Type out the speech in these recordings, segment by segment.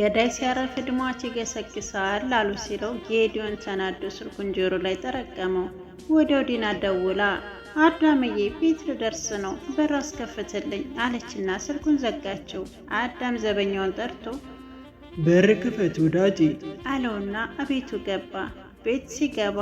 ገዳይ ሲያረፍድ ሟች ይገሰግሳል አሉ ሲለው ጌዲዮን ተናዶ ስልኩን ጆሮ ላይ ጠረቀመው። ወዲያው ዲና ደውላ አዳምዬ ቤት ልደርስ ነው በር አስከፍትልኝ አለችና ስልኩን ዘጋችው። አዳም ዘበኛውን ጠርቶ በር ክፈት ወዳጅ አለውና አቤቱ ገባ። ቤት ሲገባ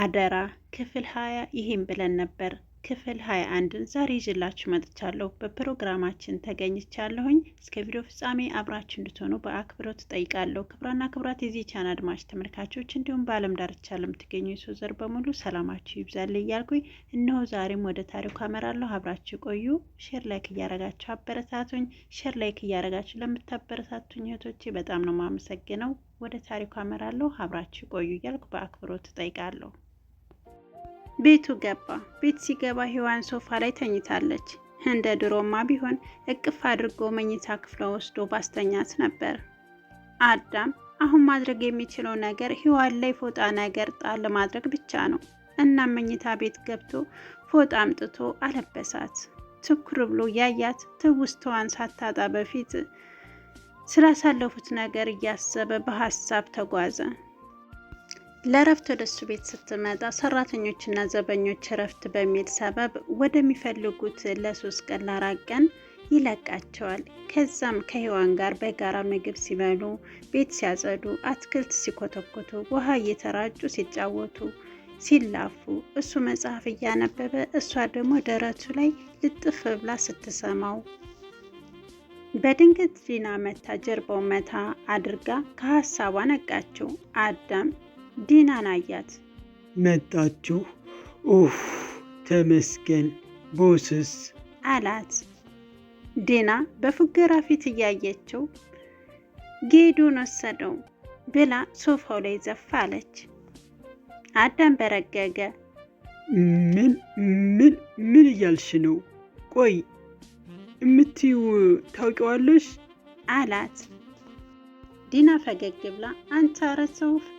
አደራ ክፍል ሀያ ይህን ብለን ነበር። ክፍል 21ን ዛሬ ይዤላችሁ መጥቻለሁ። በፕሮግራማችን ተገኝቻለሁኝ። እስከ ቪዲዮ ፍጻሜ አብራችሁ እንድትሆኑ በአክብሮት ጠይቃለሁ። ክብራና ክብራት የዚህ ቻን አድማጭ ተመልካቾች፣ እንዲሁም በዓለም ዳርቻ ለምትገኙ የሰው ዘር በሙሉ ሰላማችሁ ይብዛል እያልኩኝ እነሆ ዛሬም ወደ ታሪኩ አመራለሁ። አብራችሁ ቆዩ። ሼር ላይክ እያረጋችሁ አበረታቱኝ። ሼር ላይክ እያረጋችሁ ለምታበረታቱኝ እህቶቼ በጣም ነው ማመሰግነው። ወደ ታሪኩ አመራለሁ። አብራችሁ ቆዩ እያልኩ በአክብሮት ጠይቃለሁ። ቤቱ ገባ። ቤት ሲገባ ሔዋን ሶፋ ላይ ተኝታለች። እንደ ድሮማ ቢሆን እቅፍ አድርጎ መኝታ ክፍለ ወስዶ ባስተኛት ነበር። አዳም አሁን ማድረግ የሚችለው ነገር ሔዋን ላይ ፎጣ ነገር ጣል ማድረግ ብቻ ነው። እናም መኝታ ቤት ገብቶ ፎጣ አምጥቶ አለበሳት። ትኩር ብሎ ያያት ትውስተዋን ሳታጣ በፊት ስላሳለፉት ነገር እያሰበ በሀሳብ ተጓዘ። ለእረፍት ወደ እሱ ቤት ስትመጣ ሰራተኞችና ዘበኞች እረፍት በሚል ሰበብ ወደሚፈልጉት ለሶስት ቀን ለአራት ቀን ይለቃቸዋል። ከዛም ከሔዋን ጋር በጋራ ምግብ ሲበሉ፣ ቤት ሲያጸዱ፣ አትክልት ሲኮተኮቱ፣ ውሃ እየተራጩ ሲጫወቱ ሲላፉ እሱ መጽሐፍ እያነበበ እሷ ደግሞ ደረቱ ላይ ልጥፍ ብላ ስትሰማው በድንገት ዲና መታ ጀርባው መታ አድርጋ ከሀሳቧ ነቃችው። አዳም ዲናን አያት። መጣችሁ፣ ኡፍ ተመስገን ቦስስ አላት። ዲና በፉገራ ፊት እያየችው ጌዱን ወሰደው ብላ ሶፋው ላይ ዘፍ አለች። አዳም በረገገ። ምን ምን ምን እያልሽ ነው? ቆይ እምትይው ታውቂዋለሽ? አላት ዲና ፈገግ ብላ አንተ ኧረ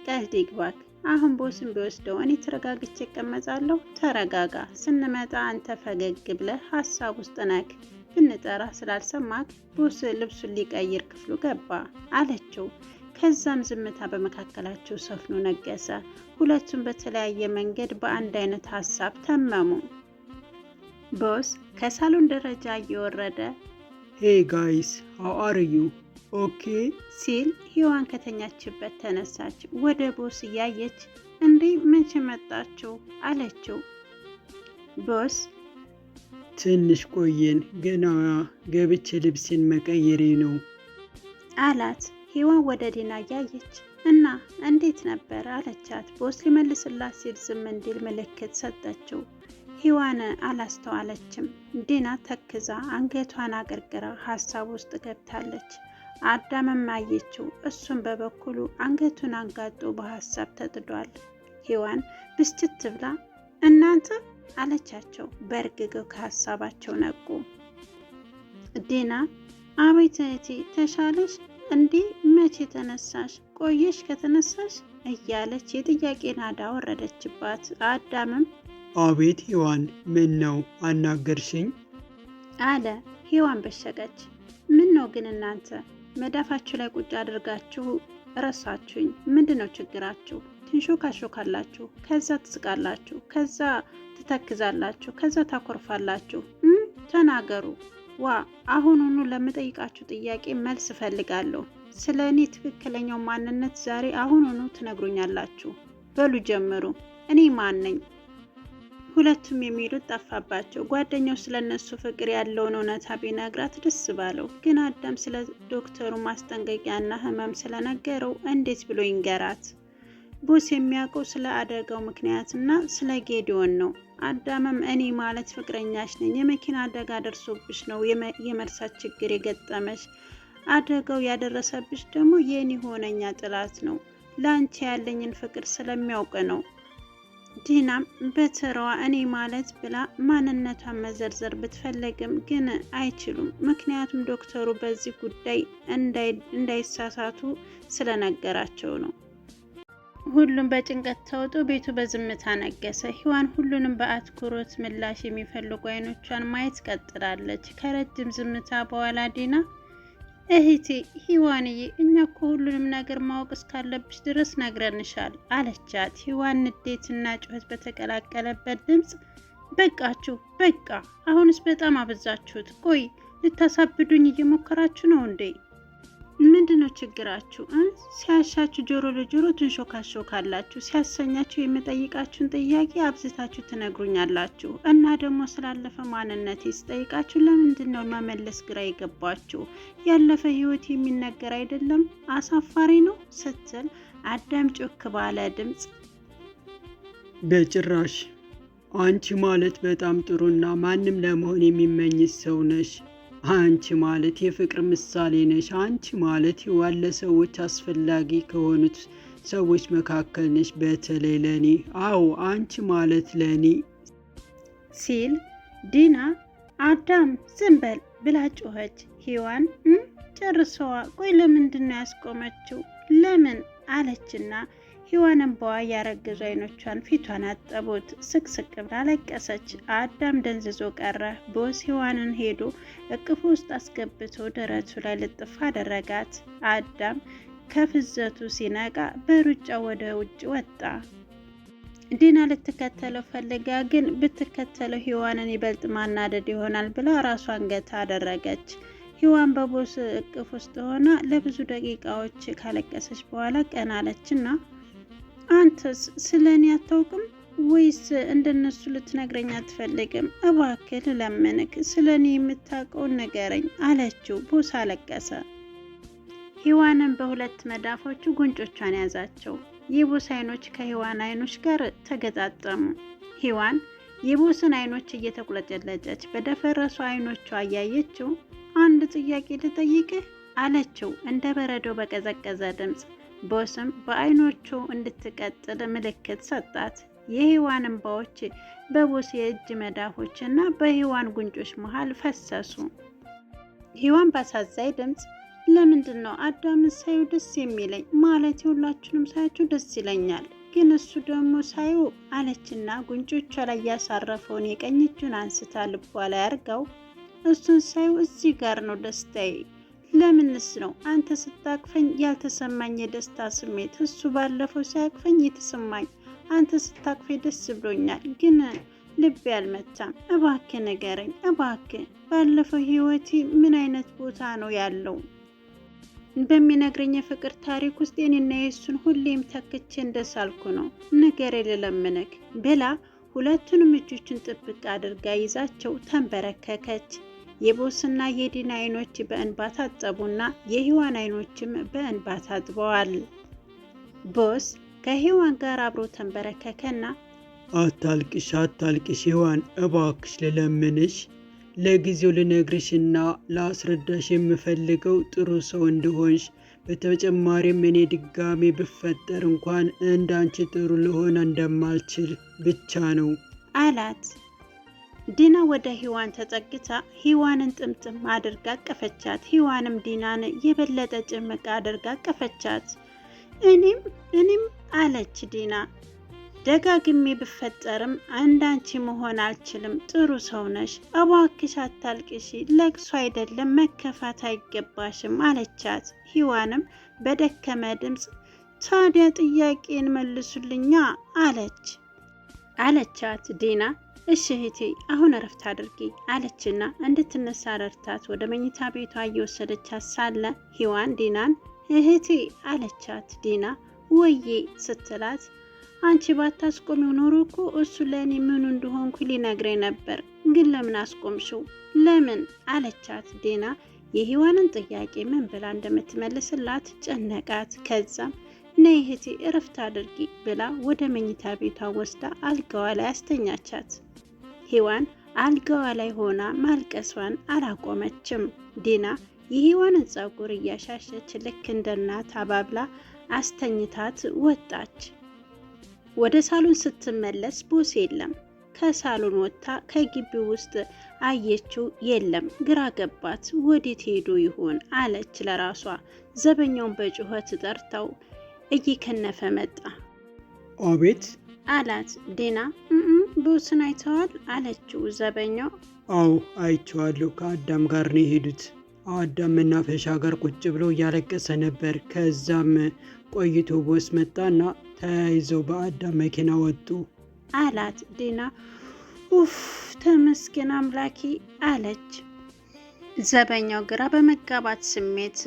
ቀልድ ይግባክ። አሁን ቦስን ቢወስደው እኔ ተረጋግቼ እቀመጣለሁ። ተረጋጋ። ስንመጣ አንተ ፈገግ ብለህ ሀሳብ ውስጥ ነክ። ብንጠራ ስላልሰማክ ቦስ ልብሱን ሊቀይር ክፍሉ ገባ አለችው። ከዛም ዝምታ በመካከላቸው ሰፍኖ ነገሰ። ሁለቱም በተለያየ መንገድ በአንድ አይነት ሀሳብ ተመሙ። ቦስ ከሳሎን ደረጃ እየወረደ ሄይ ጋይስ ሃው አር ዩ ኦኬ ሲል ሔዋን ከተኛችበት ተነሳች። ወደ ቦስ እያየች እንዴ መቼ መጣችሁ አለችው። ቦስ ትንሽ ቆየን፣ ገና ገብቼ ልብሴን መቀየሬ ነው አላት። ሔዋን ወደ ዲና እያየች እና እንዴት ነበር አለቻት። ቦስ ሊመልስላት ሲል ዝም እንዲል ምልክት ሰጠችው። ሔዋን አላስተዋለችም። ዲና ተክዛ አንገቷን አገርግራ ሀሳብ ውስጥ ገብታለች። አዳምም አየችው። እሱም በበኩሉ አንገቱን አንጋጦ በሀሳብ ተጥዷል። ሔዋን ብስጭት ብላ እናንተ አለቻቸው። በእርግገው ከሀሳባቸው ነቁ። ዲና አቤት እህቴ ተሻለሽ እንዴ? መቼ ተነሳሽ? ቆየሽ ከተነሳሽ እያለች የጥያቄ ናዳ ወረደችባት። አዳምም አቤት ሔዋን ምን ነው አናገርሽኝ? አለ ሔዋን በሸቀች። ምን ነው ግን እናንተ መዳፋችሁ ላይ ቁጭ አድርጋችሁ ረሳችሁኝ፣ ምንድን ነው ችግራችሁ? ትንሾካሾካላችሁ፣ ከዛ ትስቃላችሁ፣ ከዛ ትተክዛላችሁ፣ ከዛ ታኮርፋላችሁ። ተናገሩ ዋ አሁኑኑ ለምጠይቃችሁ ጥያቄ መልስ እፈልጋለሁ። ስለ እኔ ትክክለኛው ማንነት ዛሬ አሁኑኑ ትነግሩኛላችሁ። በሉ ጀምሩ። እኔ ማን ነኝ? ሁለቱም የሚሉት ጠፋባቸው። ጓደኛው ስለ እነሱ ፍቅር ያለውን እውነታ ቢነግራት ደስ ባለው፣ ግን አዳም ስለ ዶክተሩ ማስጠንቀቂያና ህመም ስለነገረው እንዴት ብሎ ይንገራት? ቦስ የሚያውቀው ስለ አደጋው ምክንያትና ስለ ጌዲዮን ነው። አዳምም እኔ ማለት ፍቅረኛሽ ነኝ፣ የመኪና አደጋ ደርሶብሽ ነው የመርሳት ችግር የገጠመሽ። አደጋው ያደረሰብሽ ደግሞ የኔ ሆነኛ ጥላት ነው፣ ለአንቺ ያለኝን ፍቅር ስለሚያውቅ ነው ዲናም በተራዋ እኔ ማለት ብላ ማንነቷን መዘርዘር ብትፈለግም ግን አይችሉም። ምክንያቱም ዶክተሩ በዚህ ጉዳይ እንዳይሳሳቱ ስለነገራቸው ነው። ሁሉም በጭንቀት ተውጦ ቤቱ በዝምታ ነገሰ። ሔዋን ሁሉንም በአትኩሮት ምላሽ የሚፈልጉ አይኖቿን ማየት ቀጥላለች። ከረጅም ዝምታ በኋላ ዲና እህቴ ሂዋንዬ እኛ እኮ ሁሉንም ነገር ማወቅ እስካለብሽ ድረስ ነግረንሻል አለቻት። ሂዋን ንዴትና ጩኸት በተቀላቀለበት ድምፅ በቃችሁ፣ በቃ አሁንስ በጣም አበዛችሁት። ቆይ ልታሳብዱኝ እየሞከራችሁ ነው እንዴ? ምንድን ነው ችግራችሁ? ሲያሻችሁ ጆሮ ለጆሮ ትንሾካሾካላችሁ፣ ሲያሰኛችሁ የምጠይቃችሁን ጥያቄ አብዝታችሁ ትነግሩኛላችሁ እና ደግሞ ስላለፈ ማንነት ስጠይቃችሁ ለምንድን ነው መመለስ ግራ የገባችሁ? ያለፈ ህይወት የሚነገር አይደለም አሳፋሪ ነው ስትል አዳም ጮክ ባለ ድምፅ በጭራሽ አንቺ ማለት በጣም ጥሩና ማንም ለመሆን የሚመኝ ሰው ነሽ አንቺ ማለት የፍቅር ምሳሌ ነሽ። አንቺ ማለት ዋለ ለሰዎች አስፈላጊ ከሆኑት ሰዎች መካከል ነሽ፣ በተለይ ለእኔ። አዎ አንቺ ማለት ለእኔ ሲል ዲና አዳም ዝም በል ብላ ጮኸች። ሔዋን ጨርሰዋ። ቆይ ለምንድን ነው ያስቆመችው? ለምን አለችና ሕይዋንም በዋ ያረገዙ አይኖቿን ፊቷን አጠቡት። ስቅስቅ ብላ ለቀሰች። አዳም ደንዝዞ ቀረ። ቦስ ሂዋንን ሄዶ እቅፉ ውስጥ አስገብቶ ደረቱ ላይ ልጥፍ አደረጋት። አዳም ከፍዘቱ ሲነቃ በሩጫ ወደ ውጭ ወጣ። ዲና ልትከተለው ፈልጋ ግን ብትከተለው ሂዋንን ይበልጥ ማናደድ ይሆናል ብላ ራሷን ገታ አደረገች። ሂዋን በቦስ እቅፍ ውስጥ ሆና ለብዙ ደቂቃዎች ካለቀሰች በኋላ ቀናለችና አንተስ ስለ እኔ አታውቅም ወይስ እንደነሱ ልትነግረኝ አትፈልግም? እባክህ ለምንክ ስለ እኔ የምታውቀውን አለችው። ቦሳ አለቀሰ። ሔዋንን በሁለት መዳፎቹ ጉንጮቿን ያዛቸው። የቦስ አይኖች ከሔዋን አይኖች ጋር ተገጣጠሙ። ሔዋን የቦስን አይኖች እየተቁለጨለጨች በደፈረሱ አይኖቿ አያየችው አንድ ጥያቄ ልጠይቅህ አለችው እንደ በረዶ በቀዘቀዘ ድምፅ። ቦስም በአይኖቹ እንድትቀጥል ምልክት ሰጣት። የሔዋን እንባዎች በቦስ የእጅ መዳፎች እና በሔዋን ጉንጮች መሃል ፈሰሱ። ሔዋን ባሳዛኝ ድምፅ ለምንድን ነው አዳም ሳዩ ደስ የሚለኝ? ማለት ሁላችንም ሳያችሁ ደስ ይለኛል፣ ግን እሱ ደግሞ ሳዩ አለችና ጉንጮቿ ላይ ያሳረፈውን የቀኝ እጁን አንስታ ልቧ ላይ አርገው እሱን ሳዩ እዚህ ጋር ነው ደስታዬ ለምንስ ነው አንተ ስታቅፈኝ ያልተሰማኝ የደስታ ስሜት? እሱ ባለፈው ሲያቅፈኝ የተሰማኝ አንተ ስታቅፌ ደስ ብሎኛል፣ ግን ልቤ አልመታም። እባክ ንገረኝ እባክ ባለፈው ህይወቴ ምን አይነት ቦታ ነው ያለው? በሚነግረኝ የፍቅር ታሪክ ውስጥ የኔና የእሱን ሁሌም ተክቼ እንደሳልኩ ነው። ንገረኝ ልለምንህ ብላ ሁለቱንም እጆቹን ጥብቅ አድርጋ ይዛቸው ተንበረከከች። የቦስና የዲና አይኖች በእንባ ታጠቡና የህዋን አይኖችም በእንባ ታጥበዋል። ቦስ ከህዋን ጋር አብሮ ተንበረከከና አታልቅሽ፣ አታልቅሽ ህዋን እባክሽ ልለምንሽ ለጊዜው ልነግርሽና ለአስረዳሽ የምፈልገው ጥሩ ሰው እንደሆንሽ በተጨማሪም እኔ ድጋሜ ብፈጠር እንኳን እንዳንቺ ጥሩ ልሆን እንደማልችል ብቻ ነው አላት። ዲና ወደ ሂዋን ተጠግታ ሂዋንን ጥምጥም አድርጋ አቀፈቻት። ሂዋንም ዲናን የበለጠ ጭምቅ አድርጋ አቀፈቻት። እኔም እኔም አለች ዲና ደጋግሜ ብፈጠርም አንዳንቺ መሆን አልችልም። ጥሩ ሰው ነሽ፣ እባክሽ አታልቅሺ። ለቅሶ አይደለም መከፋት አይገባሽም አለቻት። ሂዋንም በደከመ ድምፅ ታዲያ ጥያቄን መልሱልኛ አለች አለቻት ዲና እሺ እህቴ አሁን እረፍት አድርጊ አለችና እንድትነሳ ረድታት ወደ መኝታ ቤቷ እየወሰደቻት ሳለ ሂዋን ዲናን እህቴ አለቻት። ዲና ወዬ ስትላት አንቺ ባታስቆሚው ኖሮ እኮ እሱ ለእኔ ምኑ እንደሆንኩ ሊነግረኝ ነበር፣ ግን ለምን አስቆምሽው? ለምን አለቻት። ዲና የሂዋንን ጥያቄ ምን ብላ እንደምትመልስላት ጨነቃት። ከዛም ነይ እህቴ እረፍት አድርጊ ብላ ወደ መኝታ ቤቷ ወስዳ አልጋዋ ላይ አስተኛቻት። ሔዋን አልጋዋ ላይ ሆና ማልቀሷን አላቆመችም። ዲና የሔዋንን ጸጉር እያሻሸች ልክ እንደ እናት አባብላ አስተኝታት ወጣች። ወደ ሳሎን ስትመለስ ቦስ የለም። ከሳሎን ወጥታ ከግቢው ውስጥ አየችው፣ የለም። ግራ ገባት። ወዴት ሄዶ ይሆን አለች ለራሷ። ዘበኛውን በጩኸት ጠርተው እየከነፈ መጣ። አቤት አላት ዲና። ቦስን አይተዋል አለችው ዘበኛው። አዎ አይቼዋለሁ። ከአዳም ጋር ነው የሄዱት። አዳም መናፈሻ ጋር ቁጭ ብሎ እያለቀሰ ነበር። ከዛም ቆይቶ ቦስ መጣና ተያይዘው በአዳም መኪና ወጡ አላት ዲና። ኡፍ ተመስገን አምላኪ አለች። ዘበኛው ግራ በመጋባት ስሜት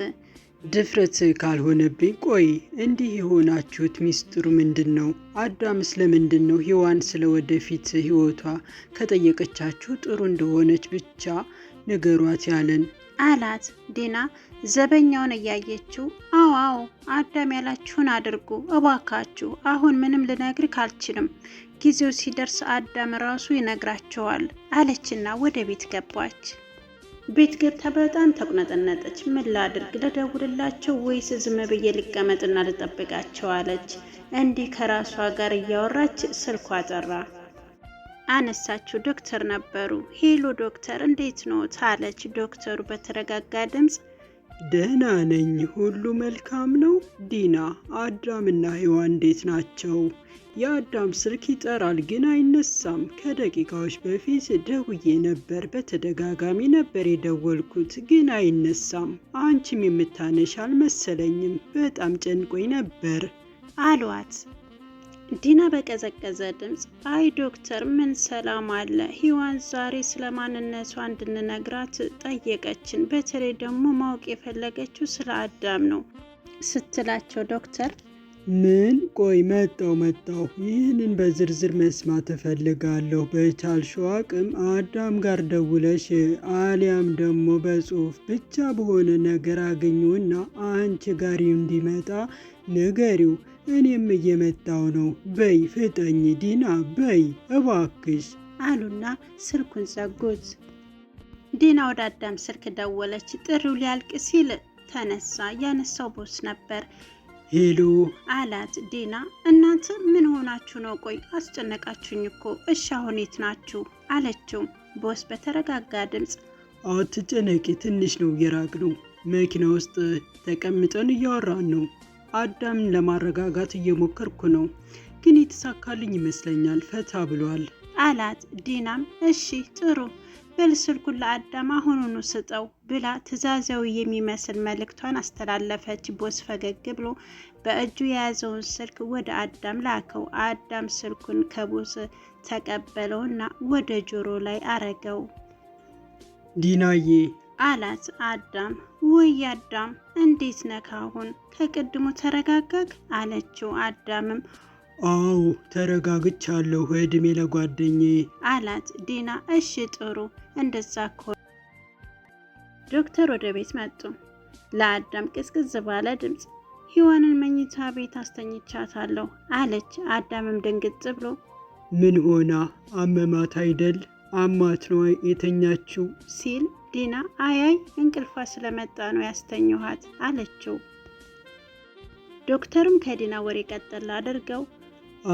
ድፍረት ካልሆነብኝ ቆይ እንዲህ የሆናችሁት ሚስጥሩ ምንድን ነው? አዳም ስለምንድን ነው ሔዋን ስለ ወደፊት ሕይወቷ ከጠየቀቻችሁ ጥሩ እንደሆነች ብቻ ንገሯት ያለን አላት። ዲና ዘበኛውን እያየችው አዋው አዳም ያላችሁን አድርጉ እባካችሁ። አሁን ምንም ልነግርህ አልችልም። ጊዜው ሲደርስ አዳም ራሱ ይነግራቸዋል አለችና ወደ ቤት ገባች። ቤት ገብታ በጣም ተቁነጠነጠች። ምን ላድርግ ልደውልላቸው ወይስ ዝም ብዬ ልቀመጥና ልጠብቃቸው አለች። እንዲህ ከራሷ ጋር እያወራች ስልኳ ጠራ። አነሳችው። ዶክተር ነበሩ። ሄሎ ዶክተር እንዴት ኖት አለች። ዶክተሩ በተረጋጋ ድምፅ ደህና ነኝ፣ ሁሉ መልካም ነው። ዲና አዳምና ሔዋን እንዴት ናቸው? የአዳም ስልክ ይጠራል ግን አይነሳም። ከደቂቃዎች በፊት ደውዬ ነበር። በተደጋጋሚ ነበር የደወልኩት ግን አይነሳም። አንቺም የምታነሽ አልመሰለኝም። በጣም ጨንቆኝ ነበር አሏት። ዲና በቀዘቀዘ ድምፅ አይ ዶክተር ምን ሰላም አለ። ሂዋን ዛሬ ስለ ማንነቷ እንድንነግራት ጠየቀችን። በተለይ ደግሞ ማወቅ የፈለገችው ስለ አዳም ነው ስትላቸው ዶክተር ምን ቆይ መጣው መጣው ይህንን በዝርዝር መስማት እፈልጋለሁ። በቻልሽው አቅም አዳም ጋር ደውለሽ አሊያም ደግሞ በጽሁፍ ብቻ በሆነ ነገር አገኘውና አንቺ ጋር እንዲመጣ ንገሪው። እኔም እየመጣው ነው። በይ ፍጠኝ ዲና በይ እባክሽ አሉና ስልኩን ዘጉት። ዲና ወደ አዳም ስልክ ደወለች። ጥሪው ሊያልቅ ሲል ተነሳ። ያነሳው ቦስ ነበር። ሄሎ አላት ዲና። እናንተ ምን ሆናችሁ ነው? ቆይ አስጨነቃችሁኝ እኮ። እሺ አሁን የት ናችሁ? አለችው ቦስ በተረጋጋ ድምፅ። አትጨነቂ፣ ትንሽ ነው የራቅ ነው። መኪና ውስጥ ተቀምጠን እያወራን ነው አዳምን ለማረጋጋት እየሞከርኩ ነው፣ ግን የተሳካልኝ ይመስለኛል ፈታ ብሏል አላት። ዲናም እሺ ጥሩ በል ስልኩን ለአዳም አሁኑኑ ስጠው ብላ ትዕዛዛዊ የሚመስል መልእክቷን አስተላለፈች። ቦስ ፈገግ ብሎ በእጁ የያዘውን ስልክ ወደ አዳም ላከው። አዳም ስልኩን ከቦስ ተቀበለውና ወደ ጆሮ ላይ አረገው። ዲናዬ አላት አዳም። ውይ አዳም እንዴት ነካ አሁን ከቅድሙ ተረጋጋክ አለችው። አዳምም አዎ ተረጋግቻለሁ እድሜ ለጓደኛዬ አላት። ዲና እሺ ጥሩ እንደዛ ከሆነ ዶክተር ወደ ቤት መጡ። ለአዳም ቅዝቅዝ ባለ ድምፅ ሔዋንን መኝታ ቤት አስተኝቻታለሁ አለች። አዳምም ድንግጥ ብሎ ምን ሆና አመማት አይደል አሟት ነው የተኛችው ሲል ዲና አያይ እንቅልፏ ስለመጣ ነው ያስተኘኋት አለችው። ዶክተሩም ከዲና ወሬ ቀጠል አድርገው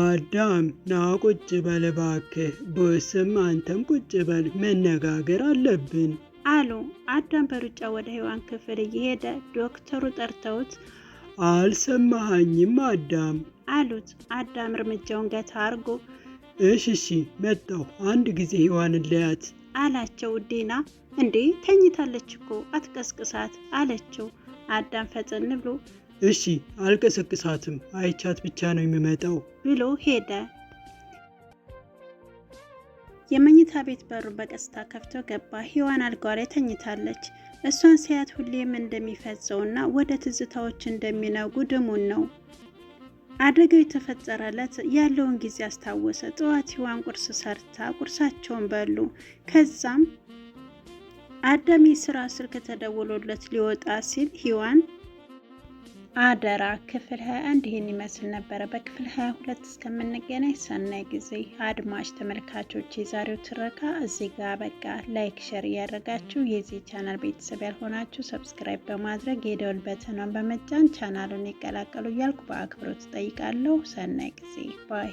አዳም ና ቁጭ በል እባክህ፣ ቦስም አንተም ቁጭ በል መነጋገር አለብን አሉ። አዳም በሩጫ ወደ ሔዋን ክፍል እየሄደ ዶክተሩ ጠርተውት አልሰማሃኝም አዳም አሉት። አዳም እርምጃውን ገታ አርጎ እሽ እሺ መጣሁ፣ አንድ ጊዜ ሔዋንን ለያት አላቸው። ዲና እንዴ ተኝታለች እኮ አትቀስቅሳት አለችው። አዳም ፈጠን ብሎ እሺ አልቀሰቅሳትም፣ አይቻት ብቻ ነው የሚመጣው ብሎ ሄደ። የመኝታ ቤት በሩን በቀስታ ከፍቶ ገባ። ሔዋን አልጋ ላይ ተኝታለች። እሷን ሲያት ሁሌም እንደሚፈጸውና ወደ ትዝታዎች እንደሚነጉ ድሙን ነው። አደጋው የተፈጠረለት ያለውን ጊዜ አስታወሰ። ጠዋት ህዋን ቁርስ ሰርታ ቁርሳቸውን በሉ። ከዛም አዳሚ ስራ ስልክ ተደውሎለት ሊወጣ ሲል ህዋን አደራ ክፍል 21 ይህን ይመስል ነበረ። በክፍል 22 እስከምንገናኝ ሰናይ ጊዜ አድማጭ ተመልካቾች፣ የዛሬው ትረካ እዚህ ጋር በቃ። ላይክ ሸር እያደረጋችሁ የዚህ ቻናል ቤተሰብ ያልሆናችሁ ሰብስክራይብ በማድረግ የደወል በተኗን በመጫን ቻናሉን ይቀላቀሉ እያልኩ በአክብሮት እጠይቃለሁ። ሰናይ ጊዜ ባይ